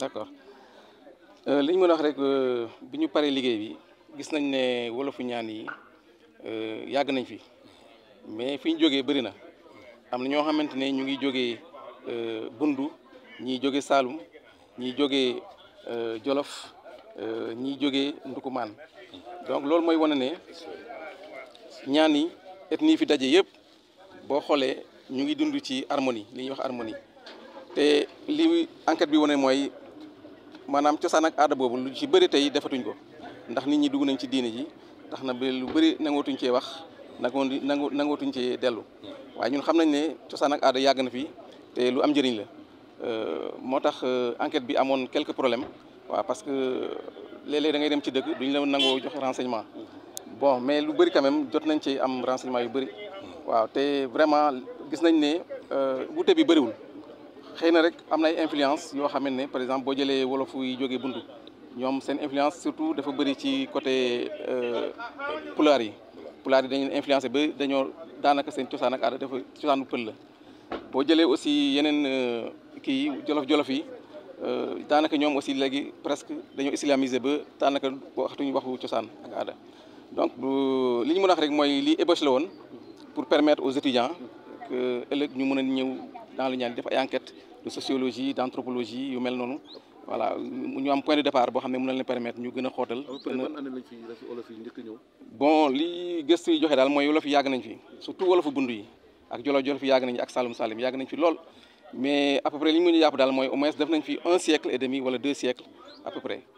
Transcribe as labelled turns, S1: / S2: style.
S1: d'accord euh, li ñu mën a wax rek euh, bi ñu paree liggéey bi gis nañ ne wolofu ñaan yi euh, yàgg nañ fi mais fiñ ñu jógee bëri na am na ñoo xamante ne ñu ngi jógee Bundu ñii jóge Saalum ñii jógee Jolof ñii jógee Ndukumaan donc loolu mooy wane ne ñaan yi ethnie fi daje yëpp boo xoolee ñu ngi dund ci harmonie li wax harmonie te li enquête bi wane mooy maanaam cosaan ak aada boobu lu ci bëri tey defatuñ ko ndax nit ñi dugg nañ ci diine ji tax na ba lu bëri nangootuñ cee wax nangu nangu nangootuñ cee dellu waaye ñun xam nañ ne cosaan ak aada yàgg na fi te lu am njëriñ la euh, moo tax euh, enquête bi amoon quelque problème waaw parce que euh, léeg-léeg da ngay dem ci dëkk duñ la nangoo joxe renseignement bon mais lu bëri quand jot nañ ci am renseignement yu bëri waaw te vraiment gis nañ ne wuute bi bëriwul. xëy na rek am na ay influence yoo xam ne par exemple boo jëlee wolof yi jógee buntu ñoom seen influence surtout dafa bëri ci côté euh, pulaar yi pulaar yi dañuy influencé ba dañoo daanaka seen cosaan ak aada dafa cosaanu pël la boo jëlee aussi yeneen euh, kii jolof-jolof yi euh, daanaka ñoom aussi léegi presque dañoo islamisé ba daanaka waxtuñu waxu cosaan ak aada donc li ñu a rek mooy li ébauche la woon pour permettre aux étudiants que ëllëg ñu mën a ñëw dans le Niani def ay enquête de sociologie d' anthropologie yu mel noonu voilà ñu am point de départ boo xam ne mën na leen permettre ñu gën a xóotal. bon li gëstu yi joxe daal mooy wolof yi yàgg nañ fi surtout wolofu bund yi ak jolof jolof yi yàgg nañ fi ak Saalum Saalum yàgg nañ fi lool. mais à peu près li ñu mën a jàpp daal mooy au moins def nañ fi un siècle et demi wala deux siècles à peu près.